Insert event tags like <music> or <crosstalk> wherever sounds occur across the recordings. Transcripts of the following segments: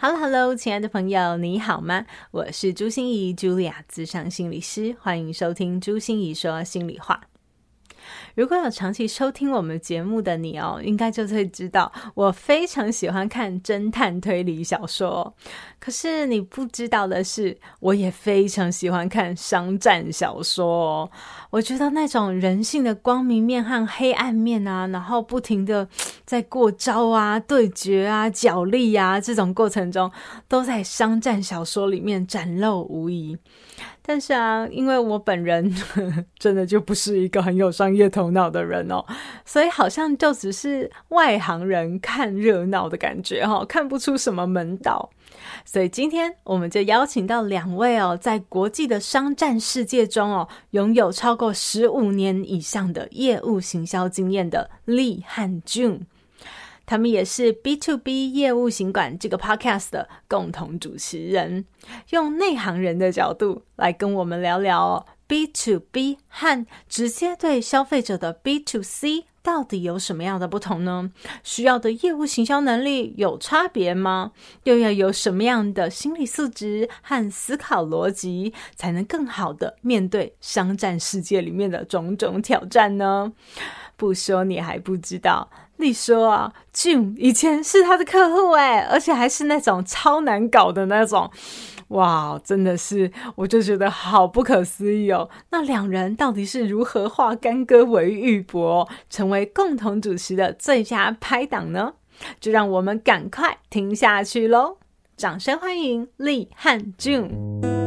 哈嘍哈嘍，Hello, Hello, 親愛的朋友，你好嗎？我是朱芯儀，茱莉亞諮商心理師，歡迎收聽《朱芯儀說心裡話》。如果有長期收聽我們節目的你哦，應該就會知道我非常喜歡看偵探推理小說。可是你不知道的是，我也非常喜歡看商戰小說哦。我覺得那種人性的光明面和黑暗面啊，然後不停地在過招啊、對決啊、角力啊這種過程中，都在商戰小說裡面展露無遺。但是啊，因為我本人呵呵真的就不是一個很有商業頭腦的人哦，所以好像就只是外行人看熱鬧的感覺哈、哦，看不出什麼門道。所以今天我們就邀請到兩位哦，在國際的商戰世界中哦，擁有超過十五年以上的業務行銷經驗的利漢俊。他們也是 B to B 業務行館這個 Podcast 的共同主持人，用內行人的角度來跟我們聊聊、哦、B to B 和直接對消費者的 B to C 到底有什麼樣的不同呢？需要的業務行銷能力有差別嗎？又要有什麼樣的心理素質和思考邏輯，才能更好的面對商戰世界裡面的種種挑戰呢？不說你還不知道。你說啊，June 以前是他的客戶哎，而且還是那種超難搞的那種，哇，真的是，我就覺得好不可思議哦。那兩人到底是如何化干戈為玉帛，成為共同主持的最佳拍檔呢？就讓我們趕快聽下去嘍！掌聲歡迎 Li 和 June。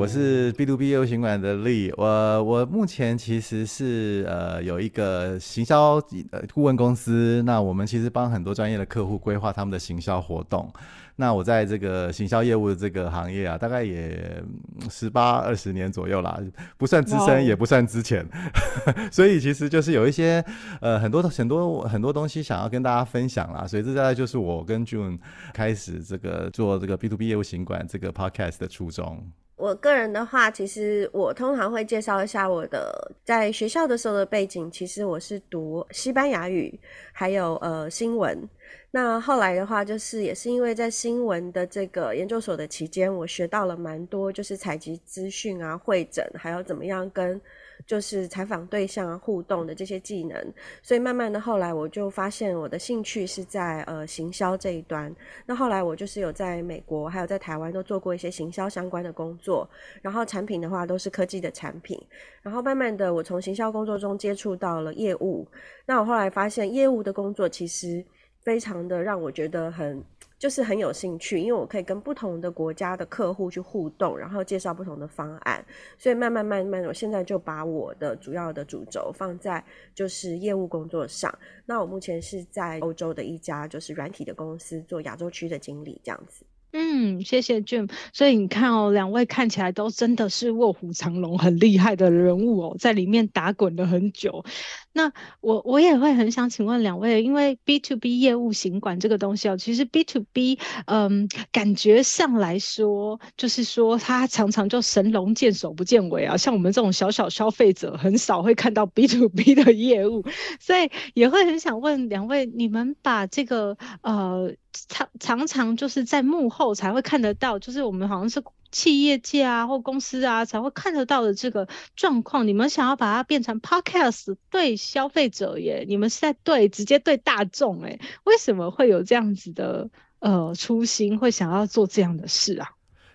我是 B to B 業務行館的 Lee，我我目前其實是呃有一個行銷呃顧問公司，那我們其實幫很多專業的客戶規劃他們的行銷活動。那我在這個行銷業務的這個行業啊，大概也十八二十年左右啦，不算資深也不算資淺。No. <laughs> 所以其實就是有一些呃很多很多很多東西想要跟大家分享啦，所以這大概就是我跟 June 開始這個做這個 B to B 業務行館這個 Podcast 的初衷。我個人的話，其實我通常會介紹一下我的在學校的時候的背景。其實我是讀西班牙語，還有呃新聞。那後來的話，就是也是因為在新聞的這個研究所的期間，我學到了蠻多，就是採集資訊啊、彙整，還有怎麼樣跟。就是採訪對象互動的這些技能，所以慢慢的後來我就發現我的興趣是在呃行銷這一端。那後來我就是有在美國還有在台灣都做過一些行銷相關的工作，然後產品的話都是科技的產品。然後慢慢的我從行銷工作中接觸到了業務，那我後來發現業務的工作其實非常的讓我覺得很。就是很有興趣，因為我可以跟不同的國家的客戶去互動，然後介紹不同的方案，所以慢慢慢慢，我現在就把我的主要的主軸放在就是業務工作上。那我目前是在歐洲的一家就是軟體的公司做亞洲區的經理，這樣子。嗯，謝謝 June。所以你看哦，兩位看起來都真的是臥虎藏龍，很厲害的人物哦，在裡面打滾了很久。那我我也會很想請問兩位，因為 B to B 業務行館這個東西哦，其實 B to B，嗯，感覺上來說，就是說它常常就神龍見首不見尾啊。像我們這種小小消費者，很少會看到 B to B 的業務，所以也會很想問兩位，你們把這個呃。常常常就是在幕後才會看得到，就是我們好像是企業界啊或公司啊才會看得到的這個狀況。你們想要把它變成 podcast，對消費者耶，你們是在對，直接對大眾誒，為什麼會有這樣子的呃，初心，會想要做這樣的事啊？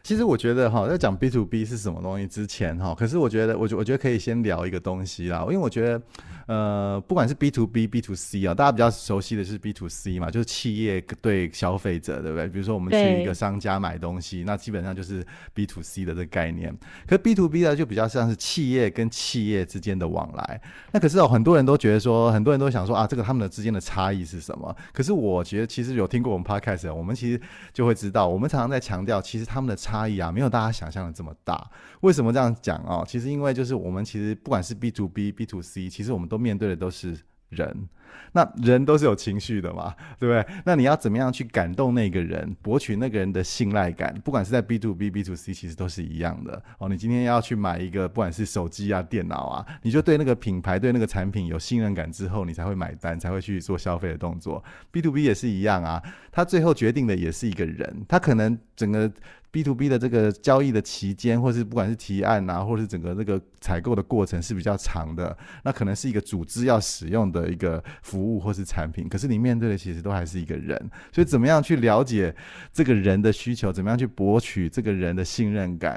其實我覺得哈，在講 B to B 是什麼東西之前哈，可是我覺得我覺我覺得可以先聊一個東西啦，因為我覺得呃，不管是 B to B、B to C 啊，大家比較熟悉的是 B to C 嘛，就是企業對消費者，對不對？比如說我們去一個商家買東西，那基本上就是 B to C 的這個概念。可是 B to B 呢，就比較像是企業跟企業之間的往來。那可是哦、喔，很多人都覺得說，很多人都想說啊，這個他們的之間的差異是什麼？可是我覺得其實有聽過我們 Podcast，我們其實就會知道，我們常常在強調，其實他們的差。差異啊，沒有大家想象的這麼大。為什麼這樣講哦？其實因為就是我們其實不管是 B to B、B to C，其實我們都面對的都是人。那人都是有情緒的嘛，對不對？那你要怎麼樣去感動那個人，博取那個人的信賴感？不管是在 B to B、B to C，其實都是一樣的哦。你今天要去買一個，不管是手機啊、電腦啊，你就對那個品牌、對那個產品有信任感之後，你才會買單，才會去做消費的動作。B to B 也是一樣啊，他最後決定的也是一個人。他可能整個 B to B 的這個交易的期間，或是不管是提案啊，或是整個那個採購的過程是比較長的，那可能是一個組織要使用的一個。服務或是產品，可是你面對的其實都還是一個人，所以怎麼樣去了解這個人的需求，怎麼樣去博取這個人的信任感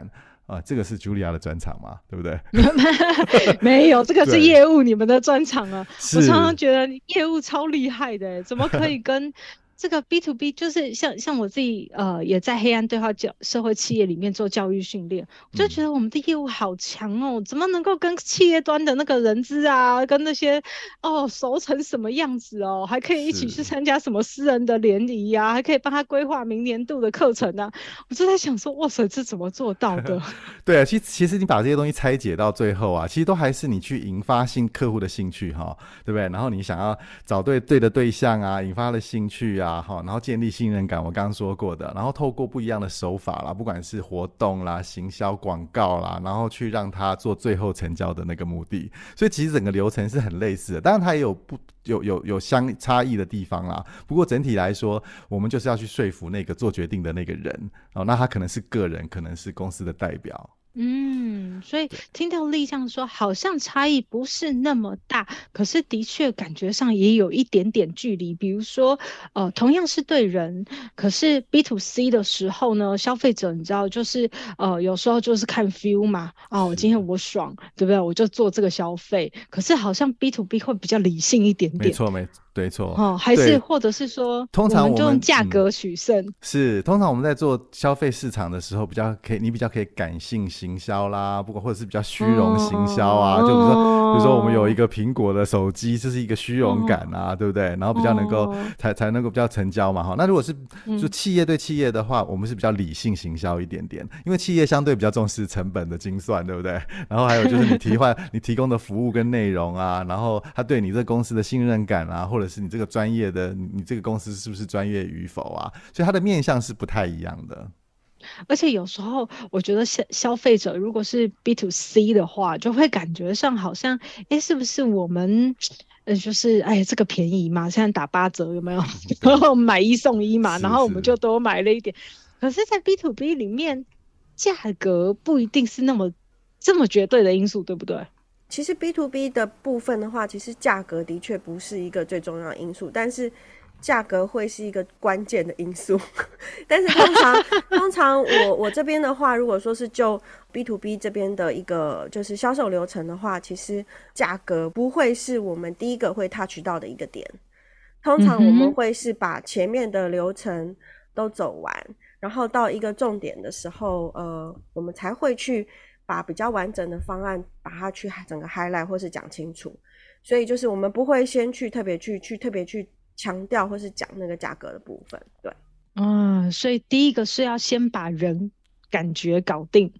啊、呃，這個是茱莉亞的專場嘛，對不對？ <laughs> 沒有，這個是業務你們的專場啊。對我常常覺得你業務超厲害的，是怎麼可以跟？ <laughs> 這個 B to B 就是像、像我自己呃，也在黑暗對話教社會企業裡面做教育訓練，嗯、我就覺得我們的業務好強哦、喔，怎麼能夠跟企業端的那個人資啊，跟那些哦熟成什麼樣子哦、喔，還可以一起去參加什麼私人的聯誼呀，是還可以幫他規劃明年度的課程啊。我就在想說，哇塞，這怎麼做到的？ <laughs> 對啊，其、其實你把這些東西拆解到最後啊，其實都還是你去引發新客戶的興趣哈，對不對？然後你想要找對、對的對象啊，引發了興趣啊。啊，哈，然後建立信任感，我剛剛說過的，然後透過不一樣的手法啦，不管是活動啦、行銷廣告啦，然後去讓他做最後成交的那個目的。所以其實整個流程是很類似的，當然他也有不，有有有相差異的地方啦。不過整體來說，我們就是要去說服那個做決定的那個人，哦，那他可能是個人，可能是公司的代表。嗯，所以聽到 Li 想說，對好像差異不是那麼大，可是的確感覺上也有一點點距離。比如說，呃，同樣是對人，可是 B to C 的時候呢，消費者你知道，就是呃，有時候就是看 feel 嘛，哦，今天我爽，的對不對？我就做這個消費。可是好像 B to B 會比較理性一點點，沒錯，沒錯。沒錯，對哦，還是對或者是說，通常我們，我們就用價格取勝，嗯。是，通常我們在做消費市場的時候，比較可以，你比較可以感性行銷啦，不過或者是比較虛榮行銷啊，哦、就比如說，比如說我們有一個蘋果的手機，這，就是一個虛榮感啊，哦、對不對？然後比較能夠，哦、才才能夠比較成交嘛，哈。那如果是就企業對企業的話，我們是比較理性行銷一點點，因為企業相對比較重視成本的精算，對不對？然後還有就是你提換 <laughs> 你提供的服務跟內容啊，然後他對你這公司的信任感啊，或者。是你這個專業的，你這個公司是不是專業與否啊？所以它的面向是不太一樣的。而且有時候我覺得消消費者如果是 B to C 的話，就會感覺上好像，哎、欸，是不是我們，呃，就是哎、欸、這個便宜嘛，現在打八折，有沒有？對 <laughs> 然後買一送一嘛，是是然後我們就多買了一點。可是，在 B to B 裡面，價格不一定是那麼這麼絕對的因素，對不對？其實 B to B 的部分的話，其實價格的確不是一個最重要的因素，但是價格會是一個關鍵的因素。 <laughs> 但是通常 <laughs> 通常我我這邊的話，如果說是就 B to B 這邊的一個就是銷售流程的話，其實價格不會是我們第一個會 touch 到的一個點。通常我們會是把前面的流程都走完，然後到一個重點的時候，呃，我們才會去。把比較完整的方案，把它去整個 highlight 或是講清楚，所以就是我們不會先去特別去去特別去強調或是講那個價格的部分。對，嗯，所以第一個是要先把人感覺搞定，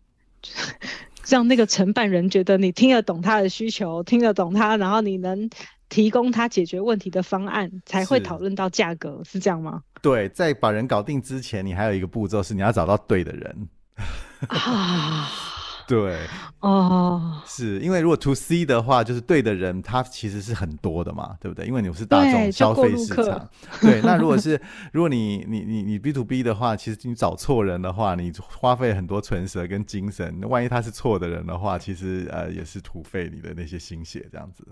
讓那個承辦人覺得你聽得懂他的需求，聽得懂他，然後你能提供他解決問題的方案，才會討論到價格，是，是這樣嗎？對，在把人搞定之前，你還有一個步驟是你要找到對的人。啊唉。 <laughs> 對，哦、oh.，是因為如果 to C 的話，就是對的人他其實是很多的嘛，對不對？因為你是大眾消費市場，對， <laughs> 對。那如果是如果你你你你 B to B 的話，其實你找錯人的話，你花費很多唇舌跟精神，那萬一他是錯的人的話，其實呃也是徒費你的那些心血這樣子。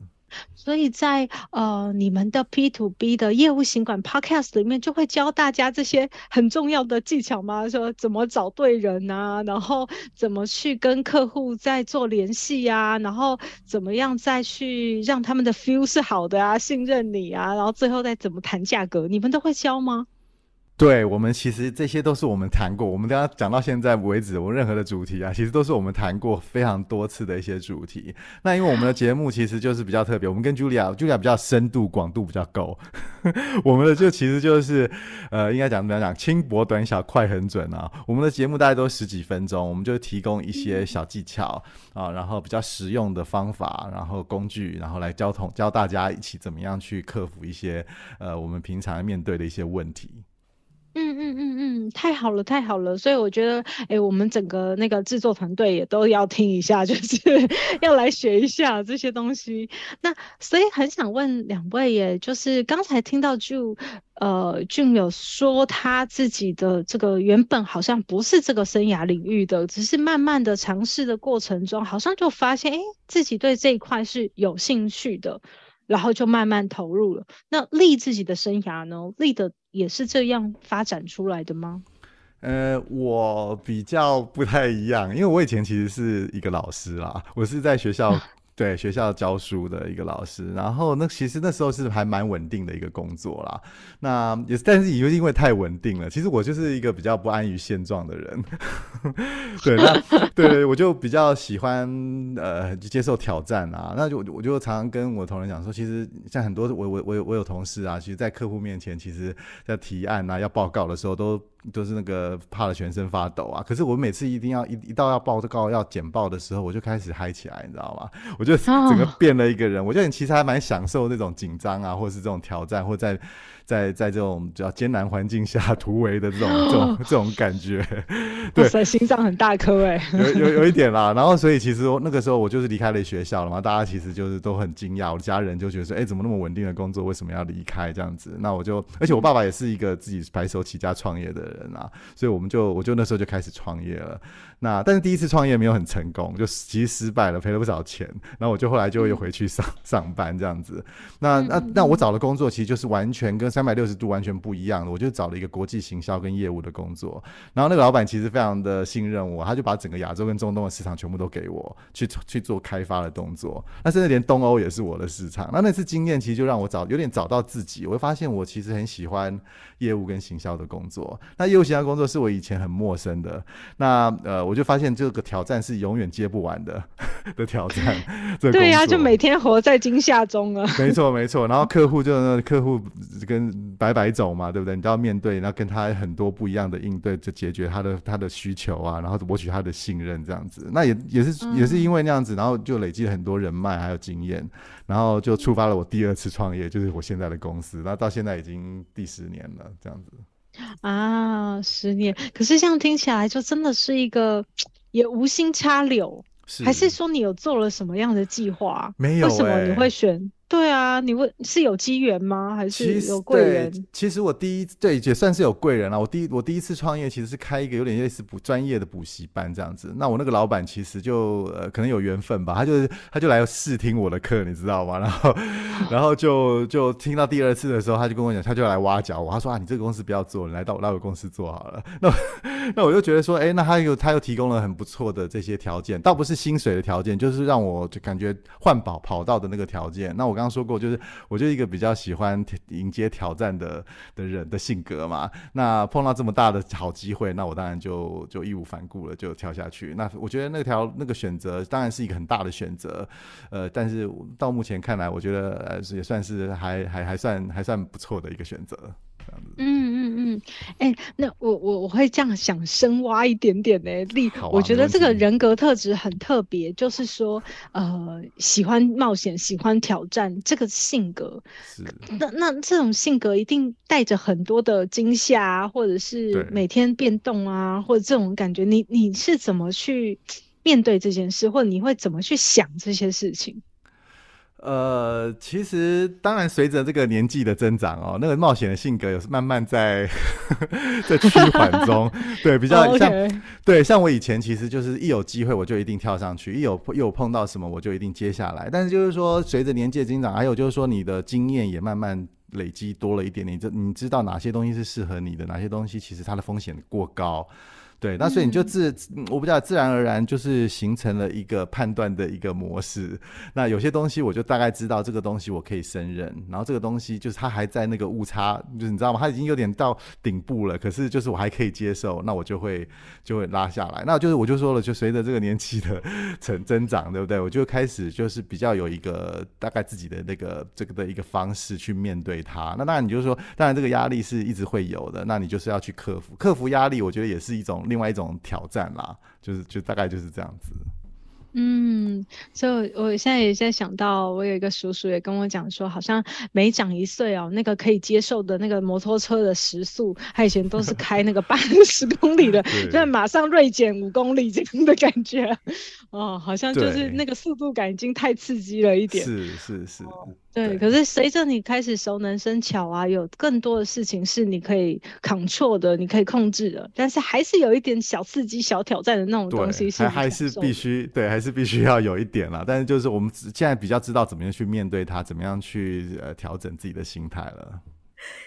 所以在呃你們的 B to B 的業務行館 Podcast 裡面，就會教大家這些很重要的技巧嗎？說怎麼找對人啊，然後怎麼去跟客戶再做聯繫呀，然後怎麼樣再去讓他們的 feel 是好的啊，信任你啊，然後最後再怎麼談價格，你們都會教嗎？對，我們其實這些都是我們談過，我們剛剛講到現在為止，我們任何的主題啊，其實都是我們談過非常多次的一些主題。那因為我們的節目其實就是比較特別，我們跟 Julia Julia 比較深度廣度比較夠呵呵，我們的就其實就是呃，應該講怎麼樣講，輕薄短小快狠準啊。我們的節目大概都十幾分鐘，我們就提供一些小技巧、嗯、啊，然後比較實用的方法，然後工具，然後來教同教大家一起怎麼樣去克服一些呃我們平常面對的一些問題。嗯嗯嗯嗯，太好了，太好了，所以我覺得，哎、欸，我們整個那個制作團隊也都要聽一下，就是 <laughs> 要來學一下這些東西。那所以很想問兩位，耶，就是剛才聽到就呃，June 有說他自己的這個原本好像不是這個生涯領域的，只是慢慢的嘗試的過程中，好像就發現，哎、欸，自己對這一塊是有興趣的，然後就慢慢投入了。那 Li 自己的生涯呢，Li 的？也是這樣發展出來的嗎？呃，我比較不太一樣，因為我以前其實是一個老師啦，我是在學校，嗯。對學校教書的一個老師，然後那其實那時候是還蠻穩定的一個工作啦。那也是但是也因為太穩定了，其實我就是一個比較不安於現狀的人。呵呵對，那對，我就比較喜歡呃接受挑戰啊。那就我就常常跟我同仁講說，其實像很多我我我有我有同事啊，其實在客戶面前，其實在提案啊要報告的時候都。就是那個怕的全身發抖啊！可是我每次一定要一一到要報告要簡報的時候，我就開始嗨起來，你知道嗎？我就整個變了一個人。Oh. 我覺得你其實還蠻享受那種緊張啊，或者是這種挑戰，或在在在這種比較艱難環境下突圍的這種、oh. 這種這種感覺。Oh. 對，oh. 心臟很大顆哎。！ <laughs> 有有有一點啦。然後所以其實我那個時候我就是離開了學校了嘛，大家其實就是都很驚訝。我的家人就覺得說：哎、欸，怎麼那麼穩定的工作，為什麼要離開這樣子？那我就而且我爸爸也是一個自己白手起家創業的人。人啊，所以我們就，我就那時候就開始創業了。那但是第一次創業沒有很成功，就其實失敗了，賠了不少錢。然後我就後來就又回去上上班這樣子。那那那我找的工作其實就是完全跟三百六十度完全不一樣的，我就找了一個國際行銷跟業務的工作。然後那個老板其實非常的信任我，他就把整個亞洲跟中東的市場全部都給我去去做開發的動作。那甚至連東歐也是我的市場。那那次經驗其實就讓我找有點找到自己，我會發現我其實很喜歡業務跟行銷的工作。那業務行銷工作是我以前很陌生的。那呃。我就發現這個挑戰是永遠接不完的、的挑戰。對呀，就每天活在驚嚇中啊！沒錯，沒錯。然後客戶就那客戶跟白白走嘛，對不對？你都要面對，然後跟他很多不一樣的應對，就解決他的他的需求啊，然後博取他的信任，這樣子。那也也是也是因為那樣子，然後就累積了很多人脈還有經驗，然後就觸發了我第二次創業，就是我現在的公司。那到現在已經第十年了，這樣子。啊，十年，可是這樣聽起來就真的是一個也無心插柳，是還是說你有做了什麼樣的計劃？沒有欸、為什麼你會選？對啊，你問是有機緣嗎？還是有貴人？其實，其實我第一對也算是有貴人了。我第一我第一次創業其實是開一個有點類似補專業的補習班這樣子。那我那個老闆其實就呃可能有緣分吧，他就他就來試聽我的課，你知道嗎？然後然後就就聽到第二次的時候，他就跟我講，他就來挖角我，他說啊，你這個公司不要做，你來到我那個公司做好了。那那我就覺得說，哎、欸，那他又他又提供了很不錯的這些條件，倒不是薪水的條件，就是讓我就感覺換跑跑道的那個條件。那我剛剛說過，就是我就一個比較喜歡迎接挑戰的的人的性格嘛。那碰到這麼大的好機會，那我當然就就義無反顧了，就跳下去。那我覺得那條那個選擇當然是一個很大的選擇，呃，但是到目前看來，我覺得也算是還還還算還算不錯的一個選擇。嗯嗯嗯，哎、嗯嗯欸，那我我我會這樣想，深挖一點點呢、欸。Li、啊，我覺得這個人格特質很特別，就是說，呃，喜歡冒險，喜歡挑戰這個性格。是那那這種性格一定帶着很多的驚嚇、啊，或者是每天變動啊，對或者這種感覺。你你是怎麼去面對這件事，或者你會怎麼去想這些事情？呃，其實當然，隨着這個年紀的增長哦，那個冒險的性格也是慢慢在 <laughs> 在趨緩中。 <laughs> 對，比較像 <laughs> 對像我以前，其實就是一有機會我就一定跳上去，一有又碰到什麼我就一定接下來。但是就是說，隨着年紀的增長，還有就是說，你的經驗也慢慢累積多了一點點，你就你知道哪些東西是適合你的，哪些東西其實它的風險過高。對，那所以你就自我不知道，自然而然就是形成了一個判斷的一個模式。那有些東西我就大概知道，這個東西我可以勝任。然後這個東西就是它還在那個誤差，就是你知道嗎？它已經有點到頂部了，可是就是我還可以接受，那我就會就會拉下來。那就是我就說了，就隨着這個年紀的成增長，對不對？我就開始就是比較有一個大概自己的那個這個的一個方式去面對它。那當然你就說，當然這個壓力是一直會有的，那你就是要去克服。克服壓力，我覺得也是一種。另外一種挑戰啦，就是就大概就是這樣子。嗯，所以我現在也在想到，我有一個叔叔也跟我講說，好像每長一歲哦，那個可以接受的那個摩托車的時速，他以前都是開那個八十公里的，那 <laughs> 對馬上銳減五公里，這樣的感覺。哦，好像就是那個速度感已經太刺激了一點。是是是。嗯對，可是隨着你開始熟能生巧啊，有更多的事情是你可以 control 的，你可以控制的。但是還是有一點小刺激、小挑戰的那種東西是，還，還是必須。對，還是必須要有一點啦。但是就是我們現在比較知道怎麼樣去面對它，怎麼樣去呃調整自己的心態了。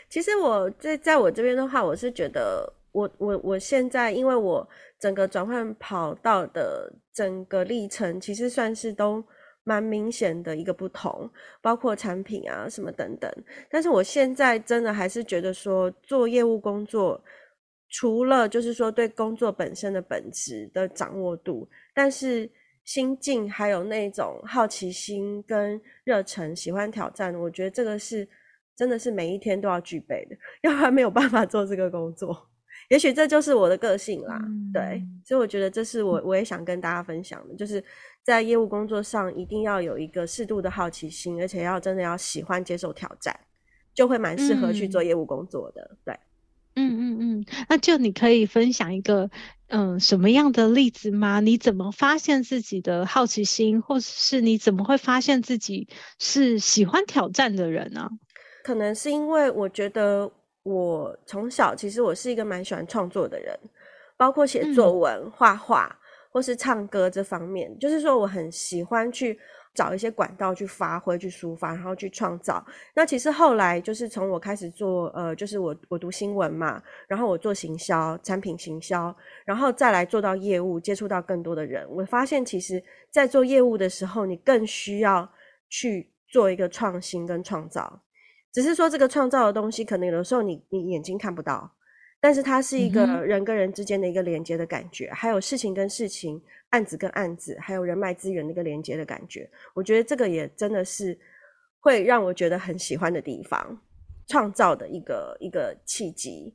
其實我在在我這邊的話，我是覺得我我我現在因為我整個轉換跑道的整個歷程，其實算是都。蠻明顯的一個不同，包括產品啊什麼等等。但是我現在真的還是覺得說，做業務工作除了就是說對工作本身的本質的掌握度，但是心境還有那種好奇心跟熱忱、喜歡挑戰，我覺得這個是真的是每一天都要具備的，要不然沒有辦法做這個工作。也許這就是我的個性啦。嗯。對，所以我覺得這是我我也想跟大家分享的，就是。在業務工作上，一定要有一個適度的好奇心，而且要真的要喜歡接受挑戰，就會蠻適合去做業務工作的。嗯、對，嗯嗯嗯，那就你可以分享一個嗯、呃、什麼樣的例子嗎？你怎麼發現自己的好奇心，或是你怎麼會發現自己是喜歡挑戰的人呢、啊？可能是因為我覺得我從小其實我是一個蠻喜歡創作的人，包括寫作文、嗯、畫畫。或是唱歌這方面，就是說我很喜歡去找一些管道去發揮、去抒發，然後去創造。那其實後來就是從我開始做，呃，就是我我讀新聞嘛，然後我做行銷、產品行銷，然後再來做到業務，接觸到更多的人。我發現，其實，在做業務的時候，你更需要去做一個創新跟創造。只是說，這個創造的東西，可能有的時候你你眼睛看不到。但是它是一個人跟人之間的一個連接的感覺，嗯、哼還有事情跟事情、案子跟案子，還有人脈資源的一個連接的感覺。我覺得這個也真的是會讓我覺得很喜歡的地方，創造的一個一個契機。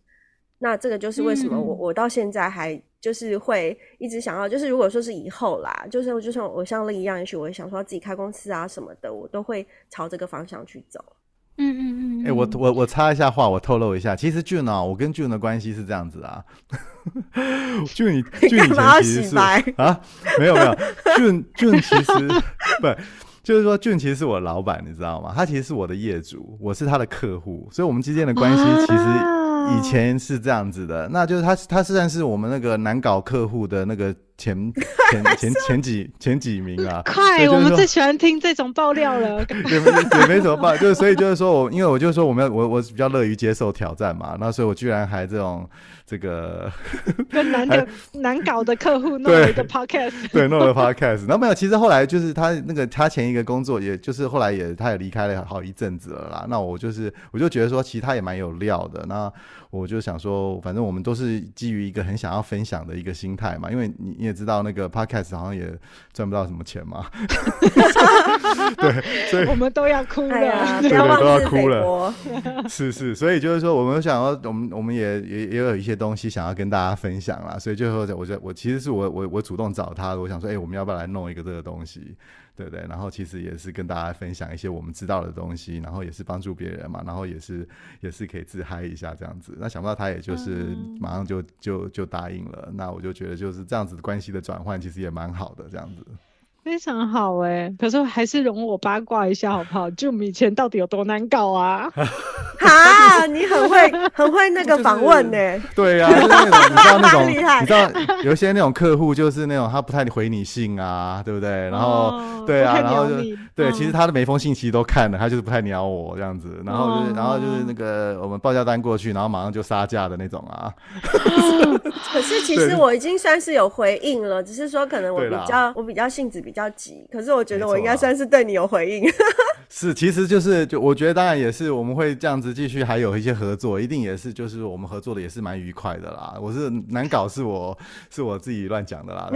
那這個就是為什麼我、嗯、我到現在還就是會一直想要，就是如果說是以後啦，就是就算我像 Li 一樣，也許我會想說自己開公司啊什麼的，我都會朝這個方向去走。嗯嗯嗯，哎、欸，我我我插一下話，我透露一下，其實 June 啊、哦，我跟 June 的關係是這樣子啊。June <laughs> 你，你幹嘛要洗白啊？沒有沒有，June June 其實 <laughs> 不，就是說 June 其實是我老闆，你知道嗎？他其實是我的業主，我是他的客戶，所以我們之間的關係其實以前是這樣子的。啊、那就是他他雖然是我們那個難搞客戶的那個。前前前前幾 <laughs> 嗎前幾名啊！快、嗯，我們最喜歡聽這種爆料了。對，也沒什麼爆， <laughs> 就是所以就是說我，因為我就說我們要我我比較樂於接受挑戰嘛，那所以，我居然還這種這個跟難的還難搞的客戶弄了一個 podcast，對，弄了個 podcast。那 pod 沒有，其實後來就是他那個他前一個工作也，也就是後來也他也離開了好一陣子了啦。那我就是我就覺得說，其實他也蠻有料的那。我就想說，反正我們都是基於一個很想要分享的一個心態嘛，因為你你也知道那個 Podcast 好像也賺不到什麼錢嘛， <laughs> <laughs> 對，所以我們都要哭了，哎、要對對對都要哭了， <laughs> 是是，所以就是說，我們想要，我們我們也也也有一些東西想要跟大家分享啦。所以最後我就我其實是我我我主動找他的，我想說，哎、欸，我們要不要來弄一個這個東西？對對，然後其實也是跟大家分享一些我們知道的東西，然後也是幫助別人嘛，然後也是也是可以自嗨一下這樣子。那想不到他也就是馬上就、嗯、就就答應了，那我就覺得就是這樣子關係的轉換其實也蠻好的這樣子。非常好哎，可是還是容我八卦一下好不好？就我們以前到底有多難搞啊？啊，你很會很會那個訪問呢？對啊，你知道那種你知道有一些那種客戶就是那種他不太回你信啊，對不對？然後對啊，然後對，其實他的每封信其實都看了，他就是不太鳥我這樣子，然後就是然後就是那個我們報價單過去，然後馬上就殺價的那種啊。可是其實我已經算是有回應了，只是說可能我比較我比較性子比。比較急，可是我覺得我應該算是對你有回應。錯 <laughs> 是，其實就是就我覺得，當然也是我們會這樣子繼續，還有一些合作，一定也是就是我們合作的也是蠻愉快的啦。我是難搞，是我 <laughs> 是我自己亂講的啦。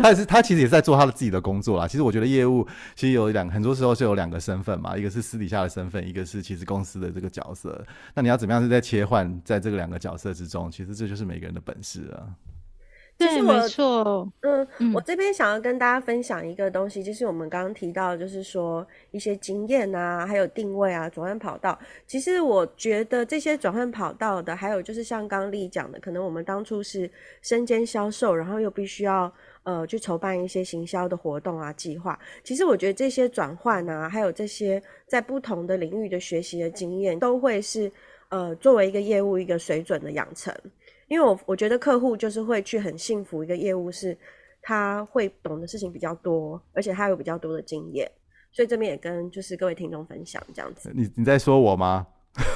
但是 <laughs> <laughs> 他也是他其實也是在做他的自己的工作啦。其實我覺得業務其實有兩，很多時候是有兩個身份嘛，一個是私底下的身份，一個是其實公司的這個角色。那你要怎麼樣是在切換在這個兩個角色之中？其實這就是每個人的本事啊。我對，沒錯，嗯、呃，我這邊想要跟大家分享一個東西，嗯、就是我們剛剛提到，就是說一些經驗啊，還有定位啊，轉換跑道。其實我覺得這些轉換跑道的，還有就是像剛，剛麗講的，可能我們當初是身兼銷售，然後又必須要呃去籌辦一些行銷的活動啊、計劃。其實我覺得這些轉換啊，還有這些在不同的領域的學習的經驗，嗯、都會是呃作為一個業務一個水準的養成。因為我我覺得客戶就是會去很信服，一個業務是，他會懂的事情比較多，而且他有比較多的經驗，所以這邊也跟就是各位聽眾分享這樣子。你你在說我嗎？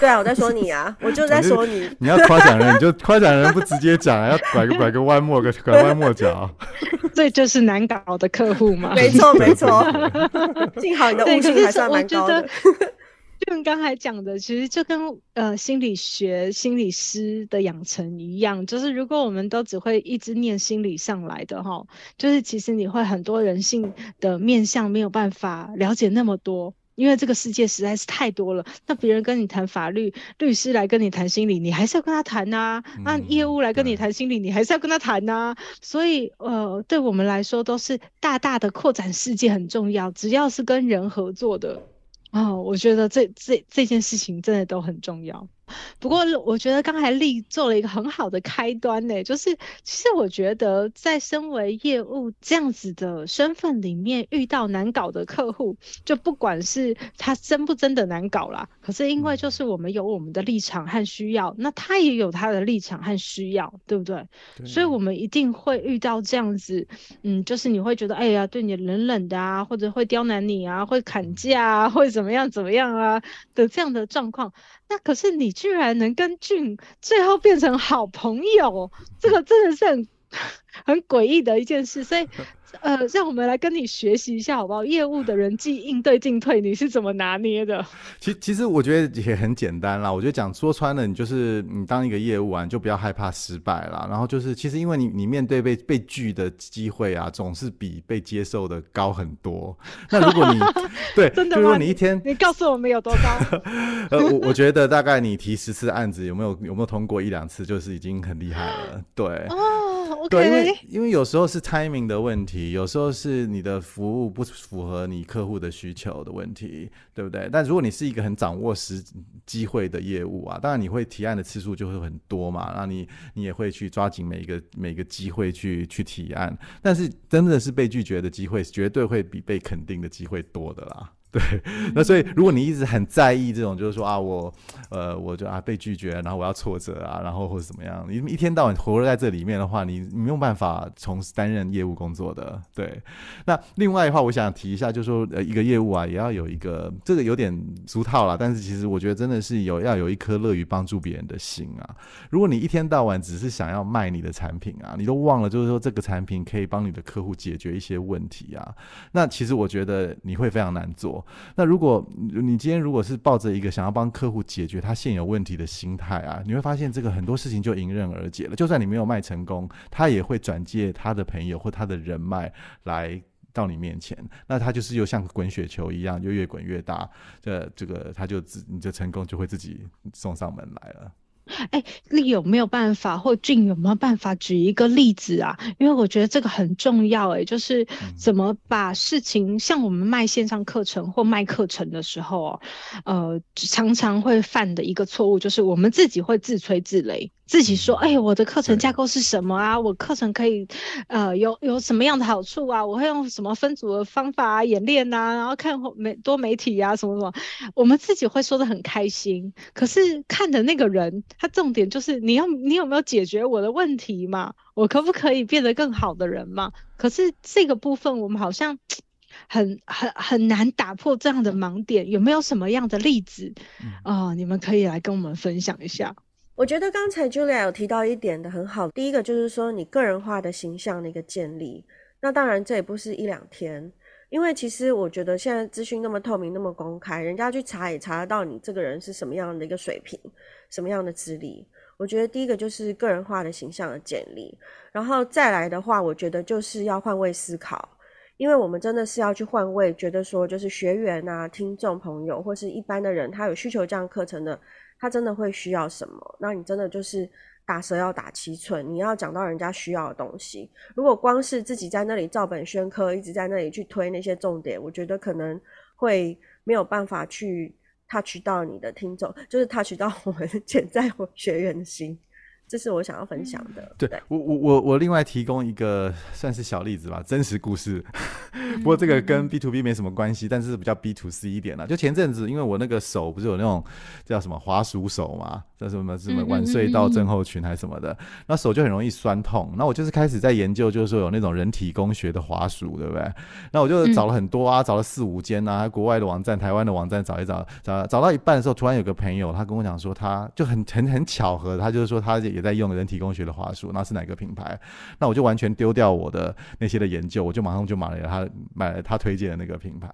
對啊，我在說你啊，我就在說你。你要誇獎人， <laughs> 你就誇獎人，不直接講，要拐個拐個彎，抹，個拐彎抹角。 <laughs> 這就是難搞的客戶嘛。 <laughs> 沒錯，沒錯。 <laughs> 幸好你的悟性還算蠻高的。就你剛才講的，其實就跟呃心理學、心理師的養成一樣，就是如果我們都只會一直念心理上來的齁，就是其實你會很多人性的面向沒有辦法了解那麼多，因為這個世界實在是太多了。那別人跟你談法律、律師來跟你談心理，你還是要跟他談吶、啊，按、啊、業務來跟你談心理，嗯、你還是要跟他談吶、啊。所以呃，對我們來說都是大大的擴展世界很重要，只要是跟人合作的。啊、哦，我覺得這這這件事情真的都很重要。不過，我覺得剛才 Li 做了一個很好的開端呢、欸。就是，其實我覺得，在身為業務這樣子的身份裡面，遇到難搞的客戶，就不管是他真不真的難搞啦，可是因為就是我們有我們的立場和需要，嗯、那他也有他的立場和需要，對不對？對所以，我們一定會遇到這樣子，嗯，就是你會覺得，哎呀，對你冷冷的啊，或者會刁難你啊，會砍價、啊，會怎麼樣怎麼樣啊的這樣的狀況。那可是你居然能跟 June 最後變成好朋友，這個真的是很很詭異的一件事，所以。呃，讓我們來跟你學習一下，好不好？業務的人際應對進退，你是怎麼拿捏的？其實其實我覺得也很簡單啦。我覺得講說穿了，你就是你當一個業務啊，你就不要害怕失敗啦。然後就是，其實因為你你面對被被拒的機會啊，總是比被接受的高很多。那如果你 <laughs> 對，真的嗎？就如果你一天，你，你告訴我們有多高？ <laughs> 呃，我我覺得大概你提十次案子，有沒有有沒有通過一兩次，就是已經很厲害了。對哦，okay，對，因為因為有時候是 timing 的問題。有時候是你的服務不符合你客戶的需求的問題，對不對？但如果你是一個很掌握時機會的業務啊，當然你會提案的次數就會很多嘛，那你你也會去抓緊每一個每一個機會去去提案，但是真的是被拒絕的機會，絕對會比被肯定的機會多的啦。對，那所以如果你一直很在意這種，就是說啊，我呃，我就啊被拒絕，然後我要挫折啊，然後或者怎麼樣，你一天到晚活在這裡面的話，你沒有辦法從事擔任業務工作的。對，那另外的話，我想提一下，就是說呃，一個業務啊，也要有一個這個有點俗套啦，但是其實我覺得真的是有要有一顆樂於幫助別人的心啊。如果你一天到晚只是想要賣你的產品啊，你都忘了就是說這個產品可以幫你的客戶解決一些問題啊。那其實我覺得你會非常難做。那如果你今天如果是抱着一個想要幫客戶解決他現有問題的心態啊，你會發現這個很多事情就迎刃而解了。就算你沒有賣成功，他也會轉介他的朋友或他的人脈來到你面前，那他就是又像滾雪球一樣，就越滾越大。這這個他就自你就成功就會自己送上門來了。哎、欸，Li 有沒有辦法，或 June 有沒有辦法舉一個例子啊？因為我覺得這個很重要、欸，哎，就是怎麼把事情，嗯、像我們賣線上課程或賣課程的時候、啊，呃，常常會犯的一個錯誤，就是我們自己會自吹自擂。自己說：“哎、欸，我的課程架構是什麼啊？的我課程可以，呃，有有什麼樣的好處啊？我會用什麼分組的方法啊？演練吶、啊，然後看媒多媒體啊，什麼什麼？我們自己會說得很開心。可是看的那個人，他重點就是你要你有沒有解決我的問題嘛？我可不可以變得更好的人嘛？可是這個部分，我們好像很很很難打破這樣的盲點。有沒有什麼樣的例子啊、嗯哦？你們可以來跟我們分享一下。”我覺得剛才 Julia 有提到一點的很好，第一個就是說你個人化的形象的一個建立。那當然這也不是一兩天，因為其實我覺得現在資訊那麼透明、那麼公開，人家去查也查得到你這個人是什麼樣的一個水平、什麼樣的資歷。我覺得第一個就是個人化的形象的建立，然後再來的話，我覺得就是要換位思考，因為我們真的是要去換位，覺得說就是學員啊、聽眾朋友或是一般的人，他有需求這樣課程的。他真的會需要什麼？那你真的就是打蛇要打七寸，你要講到人家需要的東西。如果光是自己在那裡照本宣科，一直在那裡去推那些重點，我覺得可能會沒有辦法去 touch 到你的聽眾，就是 touch 到我們潛在學員的心。這是我想要分享的。對，對我我我我另外提供一個算是小例子吧，真實故事。 <laughs> 不過這個跟 B to B 沒什麼關係，但是，是比較 B to C 一點了。就前陣子，因為我那個手不是有那種叫什麼滑鼠手嘛，叫什麼什麼腕隧道症候群還是什麼的，嗯嗯嗯嗯，那手就很容易痠痛。那我就是開始在研究，就是說有那種人體工學的滑鼠，對不對？那我就找了很多啊，找了四五間啊，國外的網站、台灣的網站找一找，找找到一半的時候，突然有個朋友他跟我講說，他就很很很巧合，他就是說他也。在用的人體工學的滑鼠，那是哪個品牌？那我就完全丟掉我的那些的研究，我就馬上就買了他買了他推薦的那個品牌。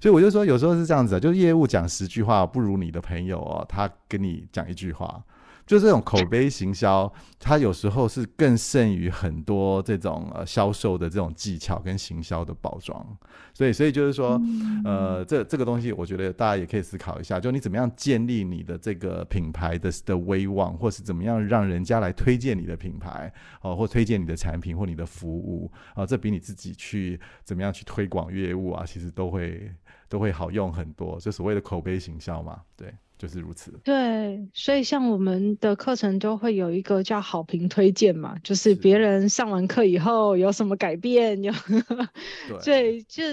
所以我就說，有時候是這樣子，就是業務講十句話不如你的朋友哦，他跟你講一句話。就這種口碑行銷，它有時候是更勝於很多這種呃銷售的這種技巧跟行銷的包裝，所以所以就是說，嗯嗯嗯呃，這這個東西，我覺得大家也可以思考一下，就你怎麼樣建立你的這個品牌的的威望，或是怎麼樣讓人家來推薦你的品牌哦、呃，或推薦你的產品或你的服務啊、呃，這比你自己去怎麼樣去推廣業務啊，其實都會都會好用很多，就所謂的口碑行銷嘛，對。就是如此的，對，所以像我們的課程都會有一個叫好評推薦嘛，就是別人上完課以後有什麼改變，是 <laughs> 對，對就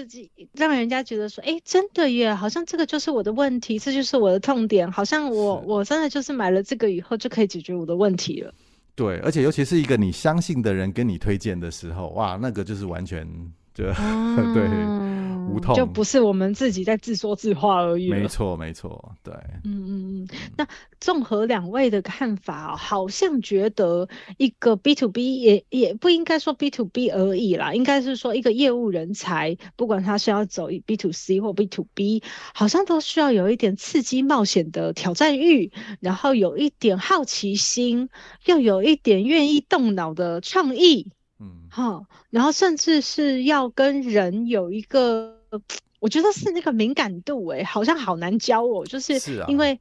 讓人家覺得說，哎、欸，真的耶，好像這個就是我的問題，這就是我的痛點，好像我是我真的就是買了這個以後就可以解決我的問題了。對，而且尤其是一個你相信的人跟你推薦的時候，哇，那個就是完全就，嗯、 <laughs> 對，對。嗯、痛就不是我們自己在自說自話而已了。沒錯，沒錯，對。嗯嗯嗯。那綜合兩位的看法，哦，好像覺得一個 B to B 也也不應該說 B to B 而已啦，應該是說一個業務人才，不管他是要走 B to C 或 B to B，好像都需要有一點刺激、冒險的挑戰欲，然後有一點好奇心，又有一點願意動腦的創意。嗯，好，哦。然後甚至是要跟人有一個。我覺得是那個敏感度哎，好像好難教哦，就是因為，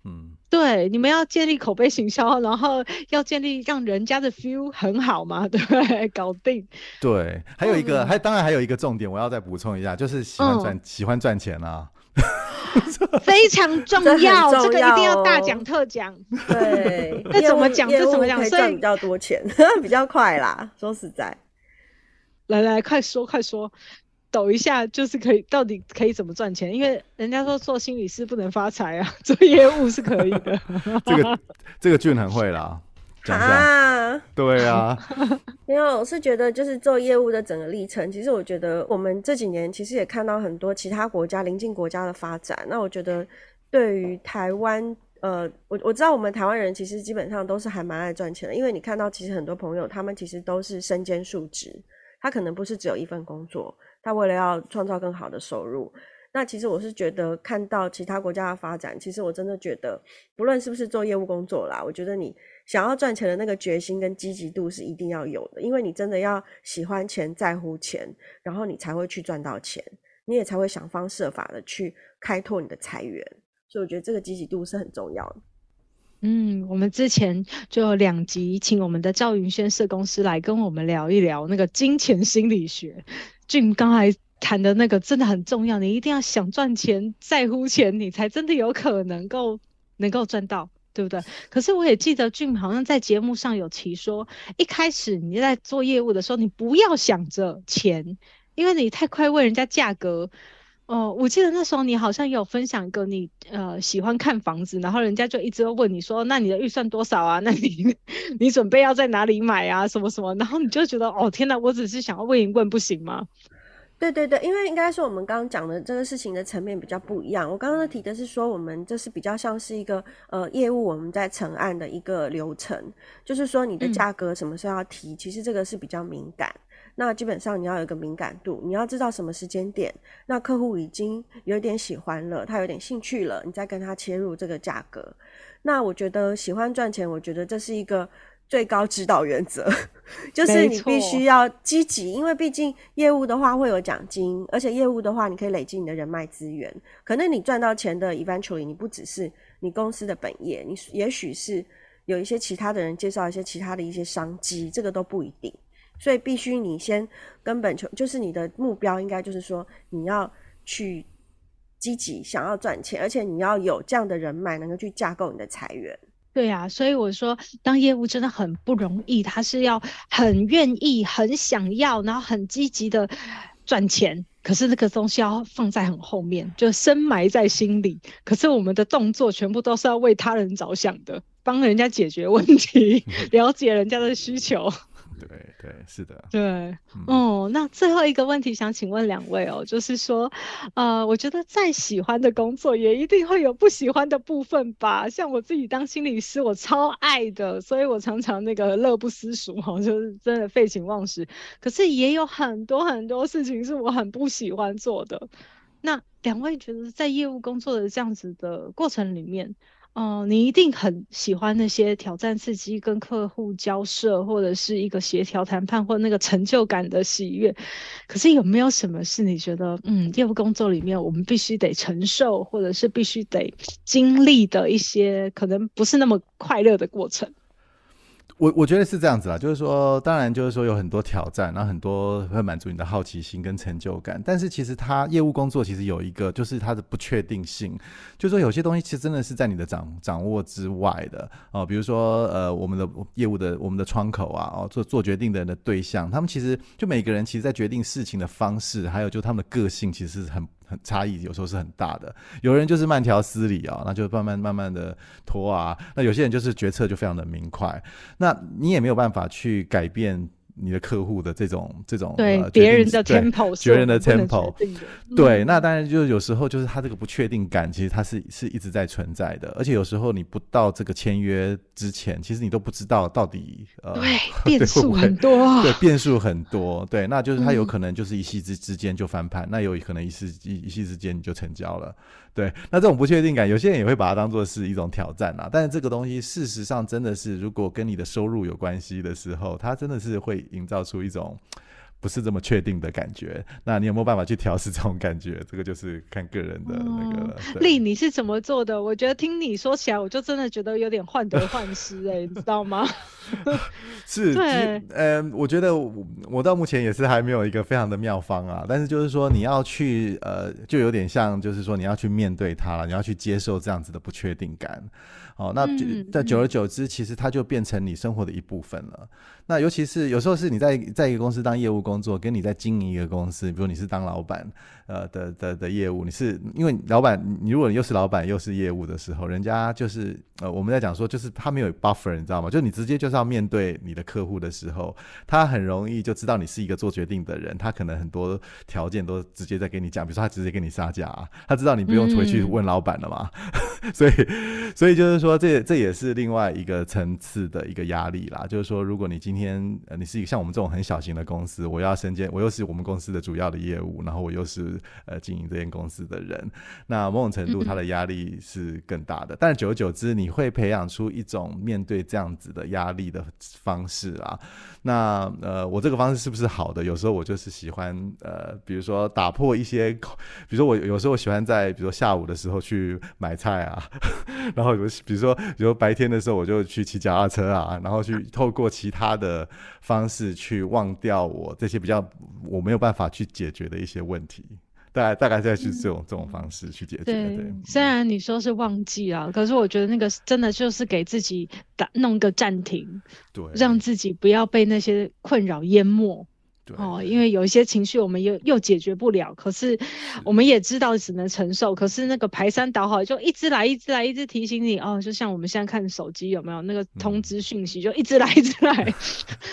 對，你們要建立口碑行銷，然後要建立讓人家的 feel 很好嘛，對不對？搞定。對，還有一個，還當然還有一個重點，我要再補充一下，就是喜歡賺，喜歡賺錢啊，非常重要，這個一定要大講特講。對，這怎麼講？這怎麼講？賺比較多錢，比較快啦。說實在，來來，快說，快說。抖一下就是可以，到底可以怎麼賺錢？因為人家說做心理師不能發財啊，做業務是可以的。 <laughs> 這個這個俊很會啦，講一下，啊，對啊，你有，我是覺得就是做業務的整個歷程。其實我覺得我們這幾年其實也看到很多其他國家臨近國家的發展。那我覺得對於台灣，呃，我我知道我們台灣人其實基本上都是還蠻愛賺錢的，因為你看到其實很多朋友他們其實都是身兼數職，他可能不是只有一份工作。他為了要創造更好的收入，那其實我是覺得看到其他國家的發展，其實我真的覺得，不論是不是做業務工作啦，我覺得你想要賺錢的那個決心跟積極度是一定要有的，因為你真的要喜歡錢、在乎錢，然後你才會去賺到錢，你也才會想方設法的去開拓你的財源，所以我覺得這個積極度是很重要的。嗯，我們之前就有兩集，請我們的趙雲軒社工師來跟我們聊一聊那個金錢心理學。June 剛才談的那個真的很重要，你一定要想賺錢，在乎錢，你才真的有可能夠能夠賺到，對不對？可是我也記得 June 好像在節目上有提說，一開始你在做業務的時候，你不要想着錢，因為你太快問人家價格。哦，我記得那時候你好像有分享過，你呃喜歡看房子，然後人家就一直會問你說，那你的預算多少啊？那你你準備要在哪裡買啊？什麼什麼？然後你就覺得，哦天哪，我只是想要問一問，不行嗎？對對對，因為應該是我們剛剛講的這個事情的層面比較不一樣。我剛剛提的是說，我們這是比較像是一個呃業務，我們在成案的一個流程，就是說你的價格什麼時候要提，嗯、其實這個是比較敏感。那基本上你要有一個敏感度，你要知道什麼時間點，那客戶已經有點喜歡了，他有點興趣了，你再跟他切入這個價格。那我覺得喜歡賺錢，我覺得這是一個最高指導原則，就是你必須要積極，沒錯。因為畢竟業務的話會有獎金，而且業務的話你可以累積你的人脈資源。可能你賺到錢的 eventually，你不只是你公司的本業，你也許是有一些其他的人介紹一些其他的一些商機，這個都不一定。所以必須你先根本就就是你的目標應該就是說，你要去積極想要賺錢，而且你要有這樣的人脈，能夠去架構你的財源。對啊，所以我說當業務真的很不容易，他是要很願意、很想要，然後很積極的賺錢。可是那個東西要放在很後面，就深埋在心裡。可是我們的動作全部都是要為他人着想的，幫人家解決問題，了解人家的需求。對對是的，對哦、嗯嗯，那最後一個問題想請問兩位哦，就是說，呃，我覺得再喜歡的工作也一定會有不喜歡的部分吧？像我自己當心理師，我超愛的，所以我常常那個樂不思蜀就是真的廢寢忘食。可是也有很多很多事情是我很不喜歡做的。那兩位覺得在業務工作的這樣子的過程裡面，哦，你一定很喜歡那些挑戰、刺激，跟客戶交涉，或者是一個協調談判，或者那個成就感的喜悅。可是有沒有什麼事，你覺得嗯，業務工作裡面我們必須得承受，或者是必須得經歷的一些，可能不是那麼快樂的過程？我我覺得是這樣子啦，就是說，當然就是說有很多挑戰，然後很多會滿足你的好奇心跟成就感。但是其實他業務工作其實有一個，就是他的不確定性，就是說有些東西其實真的是在你的掌掌握之外的哦，比如說呃，我們的業務的我們的窗口啊，哦做做決定的人的對象，他們其實就每個人其實，在決定事情的方式，還有就他們的個性，其實是很。很差異，有時候是很大的。有人就是慢條斯理啊，那就慢慢慢慢的拖啊；那有些人就是決策就非常的明快，那你也沒有辦法去改變。你的客戶的這種、這種對，別、呃、人的 tempo，別人的 tempo，對，那當然就是有時候就是他這個不確定感，其實他是、是一直在存在的，而且有時候你不到這個簽約之前，其實你都不知道到底呃，對 <laughs> 對變數很多，對，變數很多，對，那就是他有可能就是一夕之、之間就翻盤，嗯、那有可能一夕一一夕之間你就成交了。對，那這種不確定感，有些人也會把它當做是一種挑戰啊。但是這個東西，事實上真的是，如果跟你的收入有關係的時候，它真的是會營造出一種。不是這麼確定的感覺，那你有沒有辦法去調適這種感覺？這個就是看個人的那個。麗、嗯，對力你是怎麼做的？我覺得聽你說起來，我就真的覺得有點患得患失哎、欸， <laughs> 你知道嗎？ <laughs> 是，對、呃，我覺得我，我到目前也是還沒有一個非常的妙方啊。但是就是說，你要去呃，就有點像，就是說你要去面對它，你要去接受這樣子的不確定感。哦，那久而久之，嗯嗯、其實它就變成你生活的一部分了。那尤其是有時候是你在在一個公司當業務工作，跟你在經營一個公司，比如你是當老闆，呃的的的業務，你是因為老闆，你如果你又是老闆又是業務的時候，人家就是呃我們在講說，就是他沒有 buffer，你知道嗎？就你直接就是要面對你的客戶的時候，他很容易就知道你是一個做決定的人，他可能很多條件都直接在跟你講，比如說他直接跟你殺價啊，他知道你不用回去問老闆了嘛。嗯所以，所以就是說，這這也是另外一個層次的一個壓力啦。就是說，如果你今天你是一個像我們這種很小型的公司，我要身兼，我又是我們公司的主要的業務，然後我又是呃經營這間公司的人，那某種程度他的壓力是更大的。但是久而久之，你會培養出一種面對這樣子的壓力的方式啊。那呃，我這個方式是不是好的？有時候我就是喜歡呃，比如說打破一些，比如說我有時候我喜歡在比如說下午的時候去買菜啊。啊， <laughs> 然後比如比如說，比如說白天的時候，我就去騎腳踏車啊，然後去透過其他的方式去忘掉我這些比較我沒有辦法去解決的一些問題，大概大概是去這種這種方式去解決。嗯、對，雖然你說是忘記啊，可是我覺得那個真的就是給自己打弄個暫停，對，讓自己不要被那些困擾淹沒。對哦，因為有一些情緒我們又又解決不了，可是我們也知道只能承受。可是那個排山倒海就一直來，一直來，一直提醒你哦。就像我們現在看手機有沒有那個通知訊息，就一直來，一直來，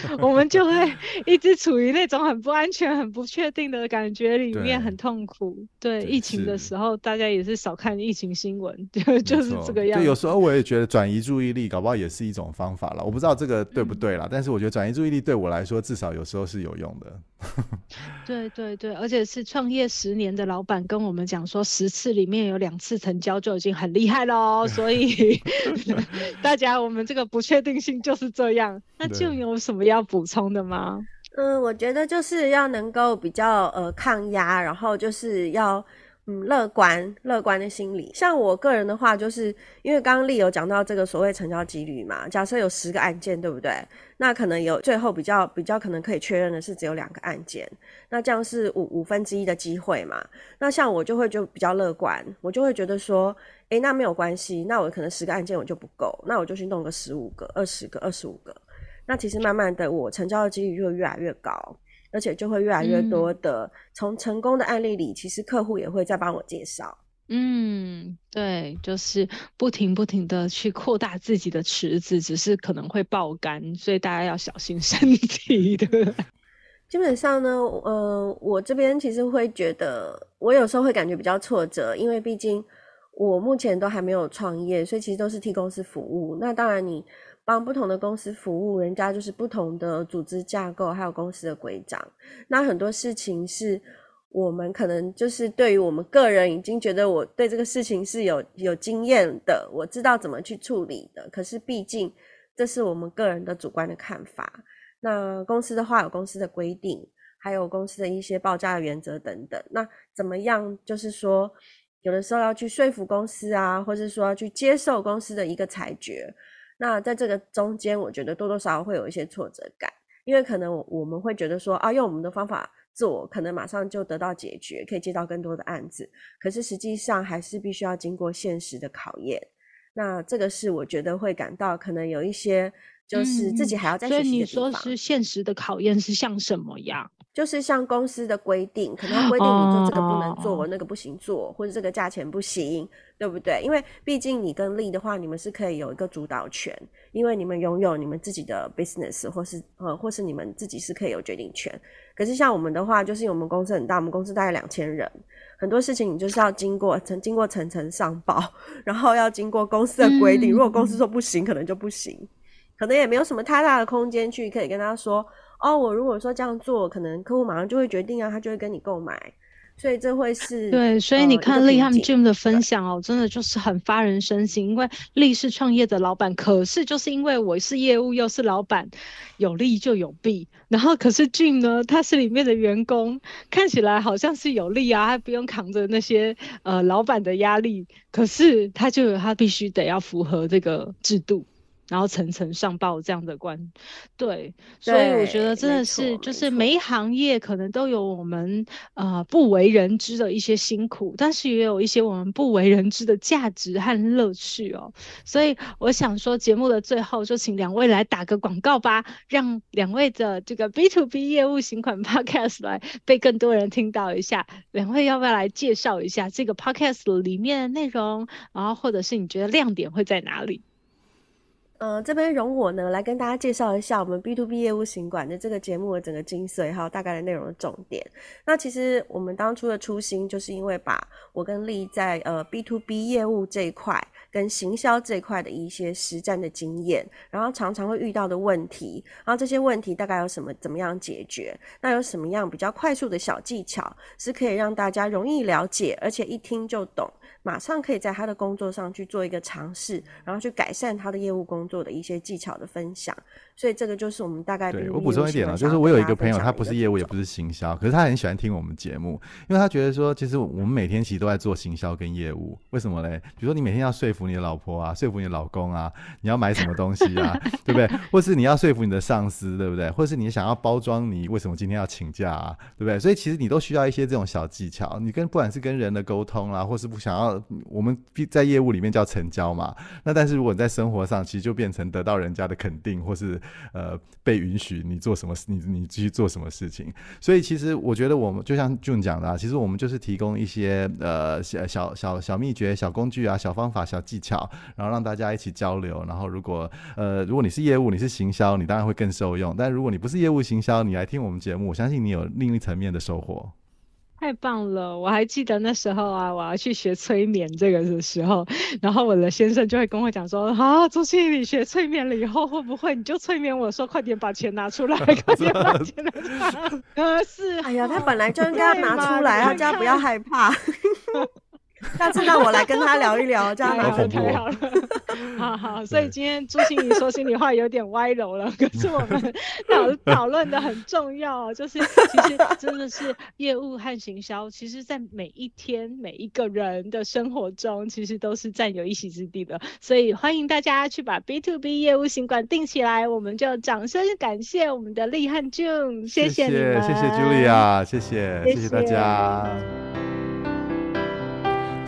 嗯、 <laughs> 我們就會一直處於那種很不安全、很不確定的感覺裡面，對很痛苦。對，對疫情的時候是大家也是少看疫情新聞，就錯就是這個樣子。對，有時候我也覺得轉移注意力，搞不好也是一種方法了。我不知道這個對不對啦，嗯、但是我覺得轉移注意力對我來說至少有時候是有用的。 <laughs> 對對對，而且是創業十年的老板跟我們講說，十次裡面有兩次成交就已經很厲害了，所以 <laughs> <laughs> 大家我們這個不確定性就是這樣。那就有什麼要補充的嗎？嗯對、呃，我覺得就是要能夠比較呃抗壓，然後就是要。嗯，樂觀樂觀的心理，像我個人的話，就是因為剛剛 Li 有講到這個所謂成交幾率嘛，假設有十個案件，對不對？那可能有最後比較比較可能可以確認的是只有兩個案件，那這樣是五五分之一的機會嘛。那像我就會就比較樂觀，我就會覺得說，哎，那沒有關係，那我可能十個案件我就不夠，那我就去弄個十五個、二十個、二十五個，那其實慢慢的我成交的幾率就越來越高。而且就會越來越多的從、嗯、成功的案例裡，其實客戶也會再幫我介紹。嗯，對，就是不停不停的去擴大自己的池子，只是可能會爆肝，所以大家要小心身體的、嗯。基本上呢，呃，我這邊其實會覺得，我有時候會感覺比較挫折，因為畢竟我目前都還沒有創業，所以其實都是替公司服務。那當然你。幫不同的公司服務，人家就是不同的組織架構，還有公司的規章。那很多事情是我們可能就是對於我們個人已經覺得我對這個事情是有有經驗的，我知道怎麼去處理的。可是畢竟這是我們個人的主觀的看法。那公司的話有公司的規定，還有公司的一些報價的原則等等。那怎麼樣？就是說，有的時候要去說服公司啊，或者說要去接受公司的一個裁決。那在這個中間，我覺得多多少少會有一些挫折感，因為可能我我們會覺得說啊，用我們的方法做，可能馬上就得到解決，可以接到更多的案子。可是實際上還是必須要經過現實的考驗。那這個是我覺得會感到可能有一些，就是自己還要再學習、嗯。所以你說是現實的考驗是像什麼樣？就是像公司的規定，可能規定你做這個不能做，哦、那個不行做，或者這個價錢不行。對不對？因為畢竟你跟 Li 的話，你們是可以有一個主導權，因為你們擁有你們自己的 business，或是呃或是你們自己是可以有決定權。可是像我們的話，就是我們公司很大，我們公司大概兩千人，很多事情你就是要經過層經過層層上報，然後要經過公司的規定。嗯、如果公司說不行，可能就不行，可能也沒有什麼太大的空間去可以跟他說哦，我如果說這樣做，可能客戶馬上就會決定啊，他就會跟你購買。所以這會是對，所以你看 Li 和 June 的分享哦、喔，真的就是很發人深省。因為 Li 是創業的老板，可是就是因為我是業務又是老板，有利就有弊。然後可是 June 呢，他是裡面的員工，看起來好像是有利啊，還不用扛着那些呃老板的壓力。可是他就有他必須得要符合這個制度。然後層層上報這樣的關。對，對，所以我覺得真的是，就是每一行業可能都有我們沒錯 呃，不為人知的一些辛苦，但是也有一些我們不為人知的價值和樂趣哦。所以我想說，節目的最後就請兩位來打個廣告吧，讓兩位的這個 B to B 業務行館 Podcast 來被更多人聽到一下。兩位要不要來介紹一下這個 Podcast 裡面的內容，然後或者是你覺得亮點會在哪裡？嗯、呃，這邊容我呢來跟大家介紹一下我們 B to B 業務行館的這個節目的整個精髓還有大概的內容的重點。那其實我們當初的初心就是因為把我跟麗在呃 B to B 業務這一塊跟行銷這一塊的一些實戰的經驗，然後常常會遇到的問題，然後這些問題大概有什麼，怎麼樣解決？那有什麼樣比較快速的小技巧，是可以讓大家容易了解，而且一聽就懂。馬上可以在他的工作上去做一個嘗試，然後去改善他的業務工作的一些技巧的分享。所以這個就是我們大概對。我補充一點了啊，就是我有一個朋友，他不是業務，也不是行銷，可是他很喜歡聽我們節目，因為他覺得說，其實我們每天其實都在做行銷跟業務，為什麼嘞？比如說你每天要說服你的老婆啊，說服你的老公啊，你要買什麼東西啊， <laughs> 對不對？或是你要說服你的上司，對不對？或是你想要包裝你為什麼今天要請假啊，對不對？所以其實你都需要一些這種小技巧，你跟不管是跟人的溝通啊，或是不想要。啊，我們在業務裡面叫成交嘛，那但是如果你在生活上，其實就變成得到人家的肯定，或是呃被允許你做什麼，你你繼續做什麼事情。所以其實我覺得我們就像 June 講的，啊，其實我們就是提供一些呃小小小、小秘訣、小工具啊、小方法、小技巧，然後讓大家一起交流。然後如果呃如果你是業務，你是行銷，你當然會更受用。但如果你不是業務行銷，你來聽我們節目，我相信你有另一層面的收穫。太棒了！我還記得那時候啊，我要去學催眠這個的時候，然後我的先生就會跟我講說：“好、啊，朱芯儀，你學催眠了以後會不會你就催眠我說，快點把錢拿出來， <laughs> 快點把錢拿出來？” <laughs> 可是，哎呀，啊、他本來就應該要拿出來，吧大家不要害怕。 <laughs> <laughs> 那我來跟他聊一聊，這樣聊太好了，好，了 <laughs> <laughs> 好好。所以今天朱芯儀說心裡話有點歪樓了，對可是我們討討論的很重要， <laughs> 就是其實真的是業務和行銷， <laughs> 其實在每一天每一個人的生活中，其實都是佔有一席之地的。所以歡迎大家去把 B to B 業務行館定起來，我們就掌聲感謝我們的 Li 和 June，謝謝謝謝 Julia，謝謝 ia, 謝，謝，謝，謝，謝謝大家。